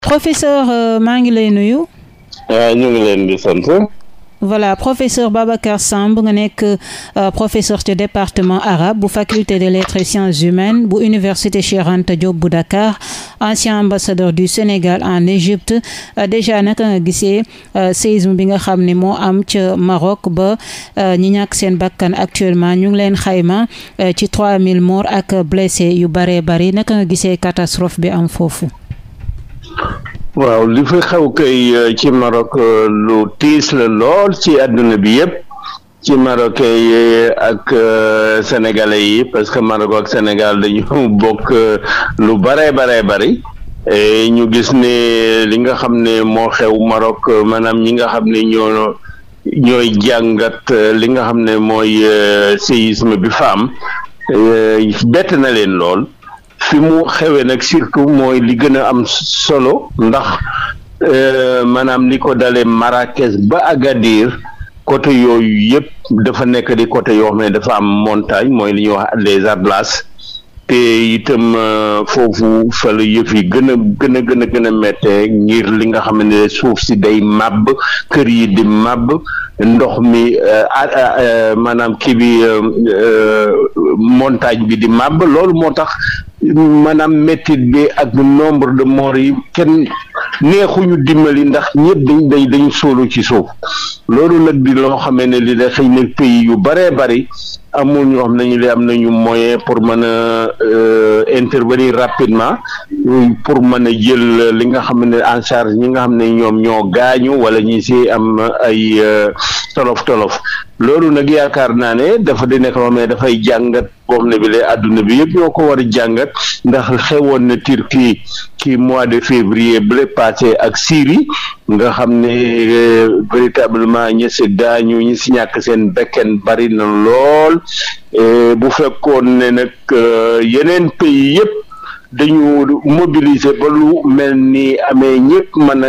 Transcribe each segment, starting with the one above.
professeur euh, maa ngi lay nuyu. ñu ngi leen sant. voilà nga nekk euh, professor ci département arabe bu faculté des lettres et sciences humaines bu université Cheikh Anta Diop bu Dakar ancien ambassadeur du Sénégal en Égypte euh, déjà naka nga gisee saison bi nga xam ni moo am ca Maroc ba ñi ñàkk seen bakkan actuellement ñu ngi leen xayma ci 3000 morts ak blessés yu baree bari naka nga gisee catastrophe bi am foofu. waaw li fa xew kay eh, ci Maroc eh, lu tiis la lool ci àdduna bi yëpp ci Marocain yi eh, ak sénégalais yi parce que Maroc ak Sénégal dañu bokk lu bare bare bari e ñu gis ne li nga xam ne moo xew Maroc maanaam ñi nga xam ne ñoo ñooy jàngat li nga xam ne mooy séisme bi fa am bett na leen lool. fi mu xewee nag surtout mooy li gën a am solo ndax euh, maanaam li ko dalee Marrakech ba Agadir côté yooyu yëpp dafa nekk di côté yoo xam ne dafa am montagne mooy li ñuy wax les Atlas te itam euh, foofu fa la yëf gën a gën a gën a gën a méttee ngir li nga xam ne suuf si day màbb kër yi di màbb ndox mi euh, maanaam kii bi montagne bi di màbb loolu moo tax maanaam métit bi ak nombre de morts yi kenn neexuñu dimbali ndax ñëpp dañ dañ dañ sóolu ci suuf loolu nag di loo xam ne li de xëy na pays yu bëree bëri amul ñoo xam nañu li am nañu moyen pour mën a euh, intervenir rapidement euh, pour mën a jël li nga xam ne en charge ñi nga xam ne ñoom ñoo gaañu wala ñi si am ay euh, tolof tolof loolu nag yaakaar naa ne dafa di nekk loo xam dafay jàngat boo xam ne bi lay àdduna bi yëpp ñoo ko war a jàngat ndax xewoon na Turquie ci mois de février bële passé ak Syrie nga xam ne euh, véritablement ñi si daañu si ñàkk seen bekken bari na lool euh, bu fekkoon ne nag euh, yeneen pays yëpp dañu mobiliser ba lu mel ni amee ñëpp mën a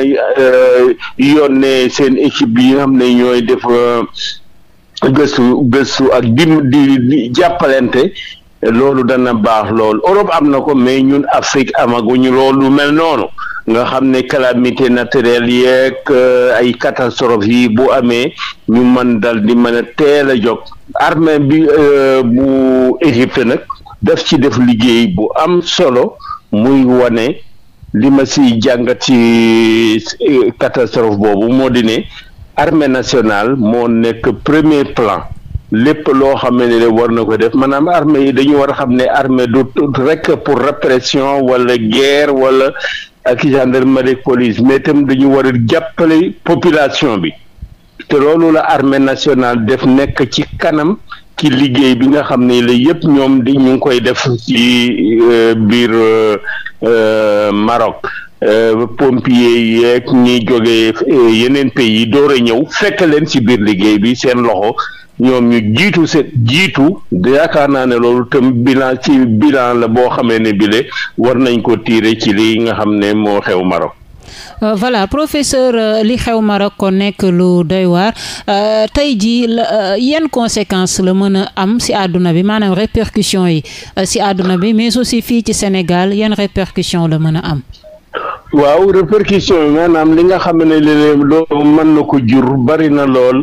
yónnee seen équipe yi nga xam ne ñooy def gëstu gëstu ak di di jàppalante loolu dana baax loolu Europe am na ko mais ñun Afrique amaguñu loolu mel noonu nga xam ne calamité naturelle yeeg euh, ay catastrophe yi bu amee ñu mën dal di mën a teel a jóg armée bi euh, bu Égypte nag def ci def liggéey bu am solo muy wane li ma ci jàngat ci euh, catastrophe boobu moo di ne armée nationale moo nekk premier plan lépp loo xam ne war na ko def maanaam armée yi dañu war a xam ne armée du rek pour répression wala guerre wala ak gendarmerie police mais itam dañu war a jàppale population bi te loolu la armée nationale def nekk ci kanam ci liggéey bi nga xam ne la yëpp ñoom di ñu ngi koy def ci euh, biir euh, euh, Maroc Euh, pompiers yeeg ñiy jóge euh, yeneen pays door a ñëw fekk leen ci biir liggéey bi seen loxo ñoom ñu jiitu seen jiitu yaakaar naa ne loolu tam bilan ci bilan la boo xamee ne bile war nañ ko tiire ci li nga xam ne moo xew Maroc. Euh, voilà professeur euh, li xew Maroc ko nekk lu doy waar tey jii yan conséquences la mën a am si àdduna bi maanaam répercussions yi si àdduna bi mais aussi fii ci Sénégal yan répercussions la mën a am. waaw répercussion maanaam li nga xam ne léeg-léeg man mën na ko jur bari na lool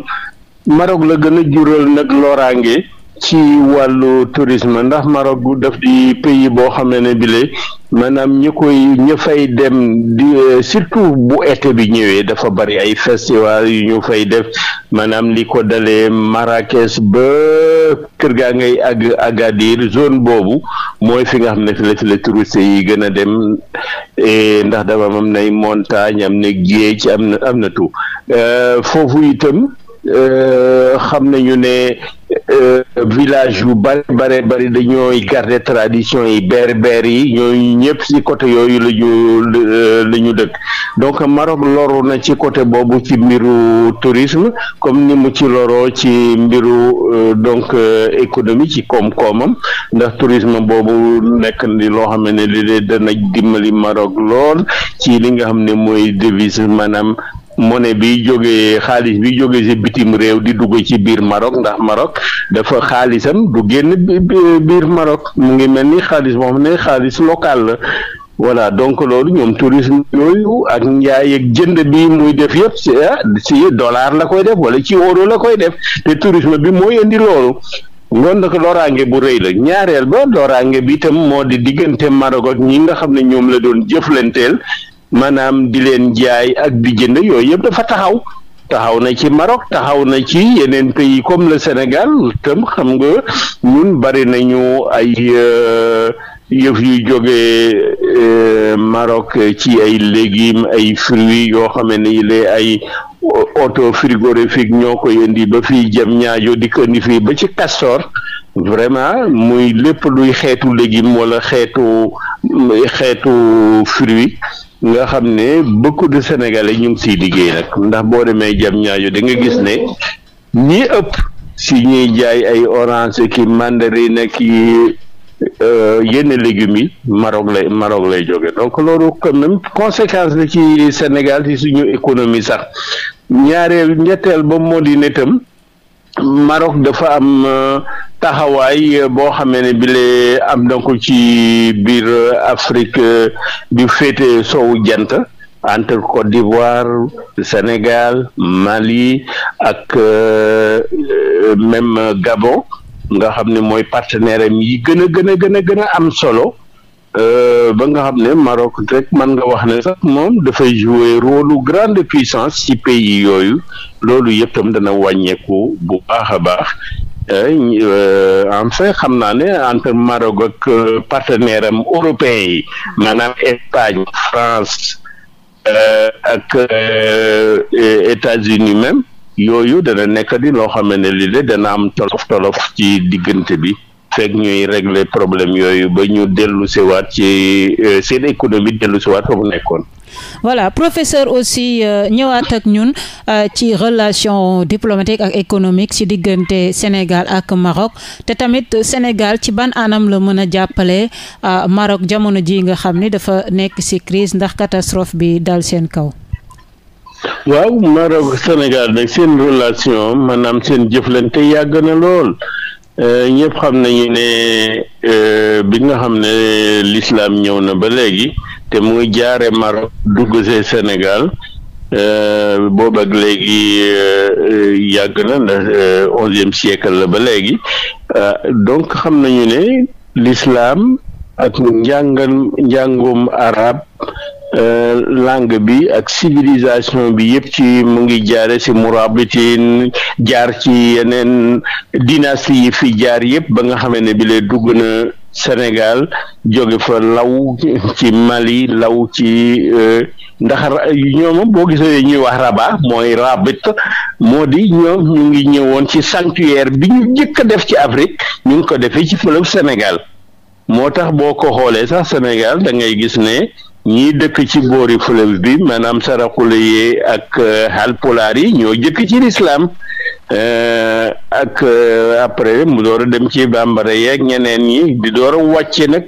Maroc la gën a jural nag loraange. ci wàllu tourisme ndax Maroc daf di pays boo xam ne bile maanaam ñi koy ñi fay dem euh, surtout bu été bi ñëwee dafa bari ay festival yu ñu fay def maanaam li ko dalee Marrakech ba kër gaa ngay àgg Agadir zone boobu mooy fi nga xam ne fi la touriste yi gën a dem e ndax dafa am nay montagne am na géej am na am na tout euh, foofu itam xam nañu ne euh, village yu bare bare bari dañooy garder tradition yi beer beer yi ñooñu ñëpp ci côté yooyu lañu ñu euh, la ñu dëkk donc Maroc loru na ci côté boobu ci mbiru tourisme comme ni mu ci loroo ci mbiru euh, donc économie ci koom-koomam ndax tourisme boobu nekk ni loo xam ne li dana dimbali Maroc lool ci li nga xam ne mooy devise maanaam monnaie bi jógee xaalis bi jógee si bitim réew di dugg ci biir Maroc ndax Maroc dafa xaalisam du génn biir Maroc mu ngi mel ni xaalis boo xam ne xaalis local la voilà donc loolu ñoom tourisme yooyu ak njaay ak jënd bi muy def yëpp si ah, si dollar la koy def wala ci euro la koy def te tourisme bi mooy indi loolu ngoon nag loraange bu rëy la ñaareel ba loraange bi itam moo di diggante Maroc ak ñi nga xam ne ñoom la doon jëflanteel maanaam di leen jaay ak di jënd yooyu yëpp dafa taxaw taxaw na ci Maroc taxaw na ci yeneen pays comme le Sénégal tam xam nga ñun bari nañu ay euh, yëf yu jógee euh, Maroc ci ay légumes ay fruits yoo xam ne ni ay auto frigorifique ñoo koy indi ba fii jëm ñaajo di ko indi fii ba ci Castor vraiment muy lépp luy xeetu légume wala xeetu xeetu fruit nga xam ne beaucoup de sénégalais ñu ngi siy liggéey nag ndax boo demee jam ñaajo da nga gis ne ñi ëpp si ñuy jaay ay orange ki mandarine ki euh, yenn légumes yi Maroc lay Maroc lay jóge donc loolu quand conséquence la ci Sénégal ci suñu économie sax ñaareel ñetteel ba moo di ne tam dafa am euh, taxawaay boo xamee ne bile am na ko ci biir Afrique bi féete soowu jant entre Côte d'Ivoire Sénégal Mali ak euh, même Gabon nga xam ne mooy partenaire am yi gën a gën a gën a gën a am solo euh, ba nga xam ne Maroc rek mën nga wax ne sax moom dafay jouer rôle grande puissance ci pays yooyu loolu yëpp tam dana wàññeeku bu baax a baax Eh, eh, enfin xam naa ne entre Maroc ak euh, partenaire am européen yi ah. maanaam Espagne France euh, ak euh, États-Unis même yooyu dana nekk di loo xam ne li de dana am tolof tolof ci diggante bi fekk ñuy régler problème yooyu ba ñu dellu waat ci euh, seen économie dellu siwaat fa mu nekkoon voilà professeur aussi euh, ñëwaat ak ñun euh, ci relation diplomatique ak économique ci diggante Sénégal ak Maroc te tamit Sénégal ci ban anam la mën a jàppale Maroc jamono ji nga xam ni dafa nekk ci crise ndax catastrophe bi dal seen kaw waaw Maroc Sénégal nag seen relation maanaam seen jëflante yàgg na lool ñëpp xam nañu ne euh, bi nga xam ne lislaam ñëw na ba léegi te muy jaare Maroc dugg see Sénégal euh, boobu ak léegi euh, yàgg na ndax onzième siècle la ba léegi donc xam nañu ne lislaam ak njàngum arab Euh, langue bi ak civilisation bi yëpp ci mu ngi jaare si murabitin jaar ci yeneen dynastie yi fi jaar yëpp ba nga xamee ne bi lee dugg na Sénégal jóge fa law ci Mali law ci euh, ndax ñoom boo gisee ñuy wax raba mooy rabit moo di ñoom ñu ngi ñëwoon ci sanctuaire bi ñu jëkk a def ci Afrique ñu ngi ko defee ci fële Sénégal moo tax boo ko xoolee sax Sénégal da ngay gis ne ñii dëkk ci boori fleuve bi maanaam saraxule yi ak halpulaar euh, yi ñoo jëkk ci lislaam euh, ak euh, après mu door a dem ci bambara yeeg ñeneen ñi di door a wàcce nag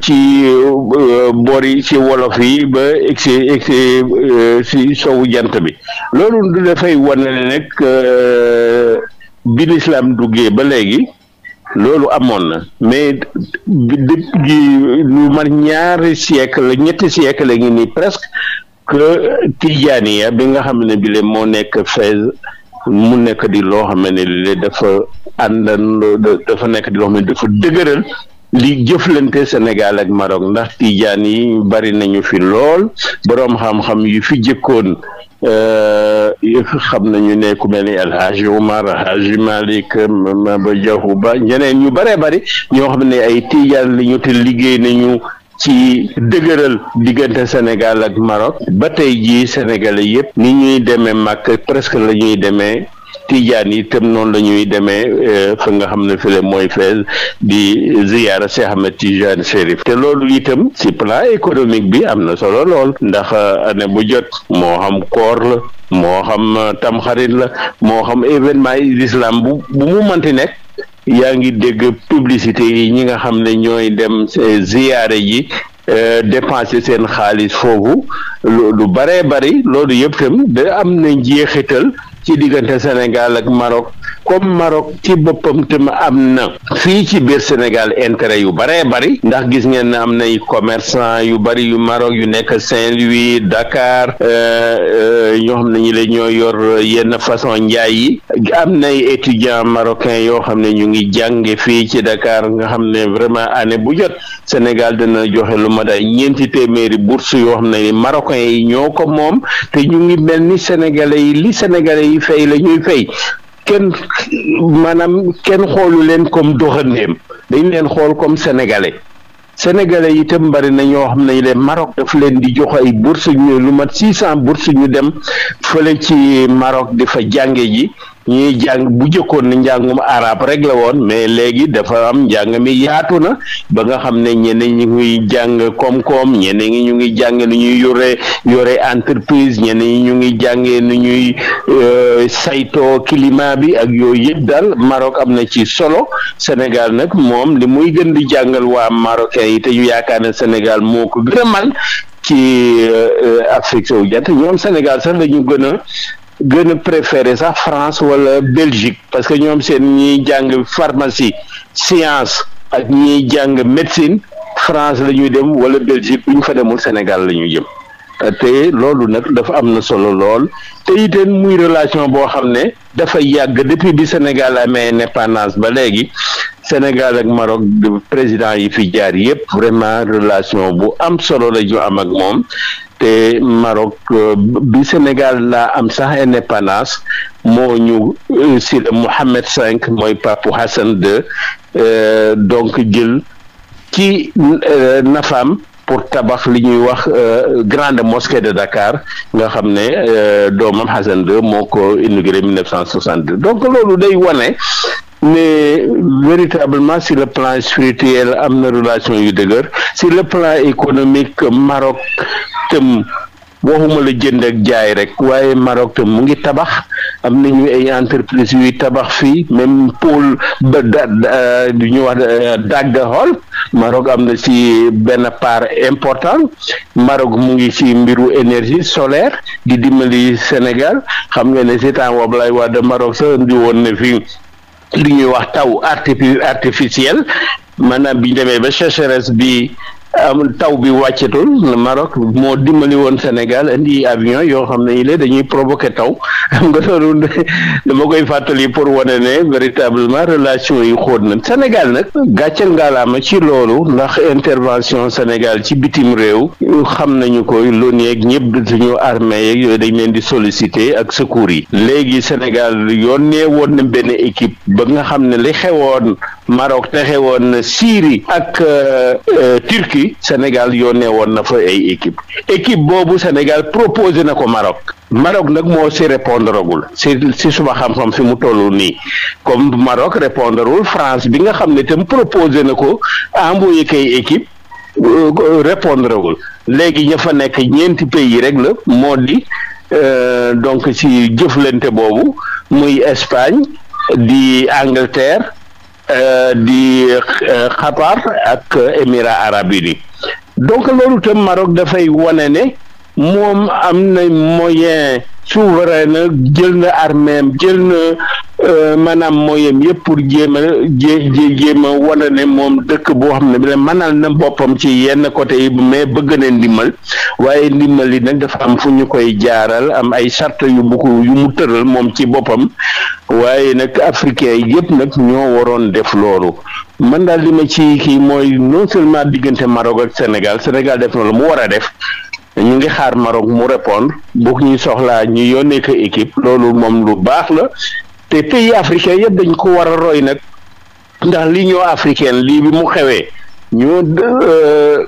ci boori ci wolof yi ba egsi egsi si sowu jant bi loolu du dafay wane ne nag bi duggee ba léegi loolu amoon na mais depuis lu ma ñaari siècle ñetti siècle ngi nii presque que Tijaaniya bi nga xam ne bile moo nekk Fès mu nekk di loo xam ne li dafa àndandoo dafa nekk di loo xam ne dafa dëgëral li jëflante senegal ak Maroc ndax tiijaan yi bari nañu fi lool boroom xam-xam yu fi jëkkoon euh, xam nañu ne ku mel ni El Hadj Omar Hadj Malick Maba Diakhou Ba ñeneen ñu baree bari ñoo xam ne ay tijaan lañu te liggéey nañu ci dëgëral diggante Sénégal ak Maroc ba tey jii sénégalais yëpp ni ñuy deme màkk presque la ñuy demee tijaan yi itam noonu la ñuy demee euh, fa nga xam ne file mooy Fès di ziyaara Cheikh Ahmed Tidiane Chérif te loolu itam ci plan économique bi am na solo lool ndax euh, année bu jot moo xam koor la moo xam euh, tamxarit la moo xam événement yi bu bu mu manti nekk yaa ngi dégg publicité yi ñi nga xam ne ñooy dem ziyaare ji dépenser seen xaalis foofu lu baree bari loolu yëpp tam da am na njeexital ci diggante Sénégal ak Maroc comme Maroc ci boppam ma am na fii ci biir Sénégal intérêt yu baree bari ndax gis ngeen ne am nay commerçant yu bari yu Maroc yu nekk Saint-Louis Dakar euh, euh, ñoo xam ne ñu la ñoo yor yenn façon njaay yi am nay étudiants marocains yoo xam ne ñu ngi jànge fii ci Dakar nga xam ne vraiment année bu jot Sénégal dana joxe lu mat ay ñeenti téeméeri bourse yoo xam ne marocains yi ñoo ko moom te ñu ngi mel ni sénégalais yi li sénégalais yi fay la ñuy fay kenn maanaam kenn xoolu leen comme doxandéem dañ leen xool comme sénégalais sénégalais itam bari na ñoo xam ne leen Maroc daf leen di jox ay bourse ñu lu mat six cent bourse ñu dem fële ci Maroc di fa jànge ji ñuy jàng bu jëkkoon ni njàngum arab rek la woon mais léegi dafa am njàng mi yaatu na ba nga xam ne ñeneen ñu ngi jàng koom-koom ñeneen ñu ngi jàng ni ñuy yore yore entreprise ñeneen ñi ñu ngi jàngee ni ñuy euh, sayto climat bi ak yooyu yëpp daal marok am na ci solo Sénégal nag moom li muy gën di jàngal waa marocain yi te ñu yaakaar ne Sénégal moo ko gën a man ci euh, euh, Afrique sowu jant ñoom Sénégal sax lañu ñu gën a gën a préféré sax France wala Belgique parce que ñoom seen ñiy jàng pharmacie science ak ñi jàng médecine France la ñuy dem wala Belgique bu ñu fa demul Sénégal la ñuy jëm te loolu nag dafa am na solo lool te iteen muy relation boo xam ne dafa yàgg depuis bi Sénégal amee indépendance ba léegi Sénégal ak Maroc président yi fi jaar yëpp vraiment relation bu am solo la ñu am ak moom diggante Maroc euh, bi Sénégal laa am sax indépendance moo ñu euh, si Mohammed mooy papu Hassan II euh, donc jël ci nafaam pour tabax li ñuy wax grande mosquée de Dakar nga xam ne doomam Hassan II moo ko inauguré 1962 donc loolu day wane mais véritablement sur le plan spirituel am na relation yu dëgër si le plan économique Maroc tam waxuma la jënd ak jaay rek waaye Maroc tam mu ngi tabax am nañu ay entreprise yuy tabax fii même pôle ba da du wax euh, Dagdahol Maroc am na si benn part important Maroc mu ngi ci mbiru énergie solaire di dimbali Sénégal xam nga ne ci temps Abdoulaye Wade Maroc sax di woon ne fii li ñuy wax taw artificiel maanaam bi ñu demee ba sécheresse bi am taw bi wàccetul Maroc moo dimbali woon Sénégal indi avion yoo xam ne lee dañuy provoquer taw xam nga loolu dama koy fàttali pour wane ne véritablement relation yi xoot na Sénégal nag gàcceel ngaalaama ci loolu ndax intervention Sénégal ci bitim réew xam nañu ko l'ONU ak ñëpp suñu armée yeeg yooyu dañ leen di solicité ak secours yi léegi Sénégal yónnee woon na benn équipe ba nga xam ne li xewoon Maroc te xewoon Syrie ak euh, euh, Turquie bi Sénégal yónnee woon na fa ay équipe équipe boobu Sénégal proposé na ko Maroc Maroc nag moo si répondre agul si si suma xam-xam fi mu toll nii comme Maroc répondre wul France bi nga xam ne tam proposé na ko envoyé kay équipe euh, répondre agul léegi ña fa nekk ñeenti pays rek la moo di euh, donc si jëflante boobu muy Espagne di Angleterre. Euh, di euh, Qatar ak Émirats arabes unis donc loolu tam Maroc dafay wane ne moom am na moyen souverain na jël na arméem jël na euh, maanaam mooyam yëpp pour jéem a jé jéem a wane ne moom dëkk boo xam ne bi ne mënal na boppam ci yenn côté yi mais bëgg na ndimbal waaye ndimbal yi nag dafa am fu ñu koy jaaral am ay charte yu bu ko yu mu tëral moom ci boppam waaye nag africain yëpp nag ñoo waroon def loolu mën daal li ma ci kii mooy non seulement diggante Maroc ak Sénégal Sénégal def na mu war a def ñu ngi xaar Maroc mu répondre bu ñuy soxlaa ñu yónnee ko équipe loolu moom lu baax la te pays africain yëpp dañ ko war a roy nag ndax l'union africain lii bi mu xewee ñoo mu euh,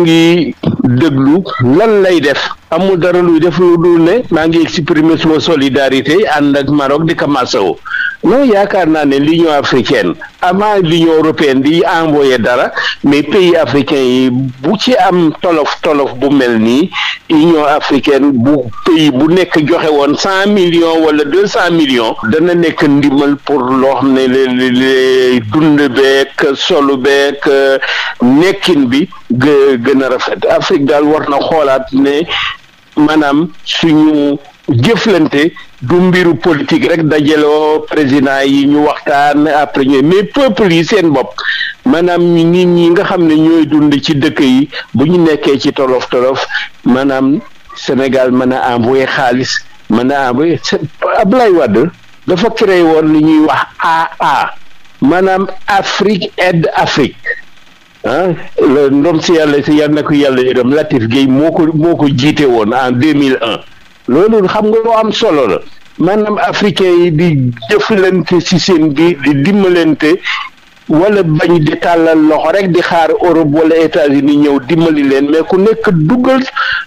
ngi déglu lan lay def amul dara luy def lu dul ne maa ngi exprimer suma solidarité ànd ak Maroc di ko masawu non yaakaar naa ne l'union africaine avant l'union européenne di envoyé dara mais pays africain yi bu ci am tolof tolof bu mel nii union africaine bu pays bu nekk joxe woon cent million wala deux cent million dana nekk ndimbal pour loo xam ne le dund beek solu beek nekkin bi gën a rafet Afrique daal war na xoolaat ne maanaam suñu jëflante du mbiru politique rek dajaloo président yi ñu waxtaan après ñooy mais peuple yi seen bopp maanaam nit ñi nga xam ne ñooy dund ci dëkk yi bu ñu nekkee ci tolof tolof maanaam Sénégal mën a envoyé xaalis mën a envoyé Ablaye dafa créé woon lu ñuy wax AA maanaam Afrique aide Afrique ah ndoom si yàlla si yàlla na ko yàlla yërëm Latif Guèye moo ko moo ko jiite woon en 2001. loolu xam nga loo am solo la maanaam africain yi di jëflante ci seen biir di dimbalante wala bañ di tàllal loxo rek di xaar Europe wala États-Unis ñëw dimbali leen mais ku nekk duggal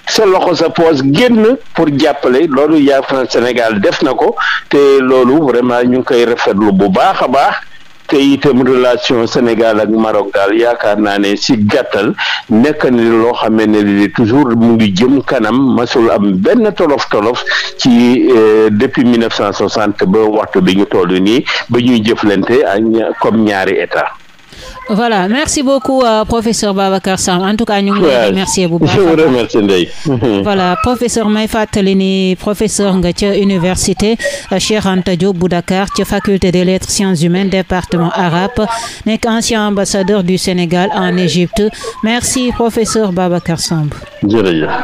sa loxo sa poos génn pour jàppale loolu yaa France Sénégal def na ko te loolu vraiment ñu ngi koy rafetlu bu baax a baax te itam relation Sénégal ak Maroc daal yaakaar naa ne si gàttal nekk na loo xam ne li toujours mu ngi jëm kanam masul am benn tolof tolof ci euh, depuis mille neuf cent soixante ba waxtu bi ñu toll nii ba ñuy jëflante ak comme ñaari état voilà merci beaucoup euh, professeur Babacar Sam en tout cas ñu ngi lay remercier bu baax voilà professeur may fàttali ni professeur nga ca université euh, Cheikh Anta Diop bu Dakar ca faculté des lettres sciences humaines département arabe nekk ancien ambassadeur du Sénégal en Égypte merci professeur Babacar Samb jërëjëf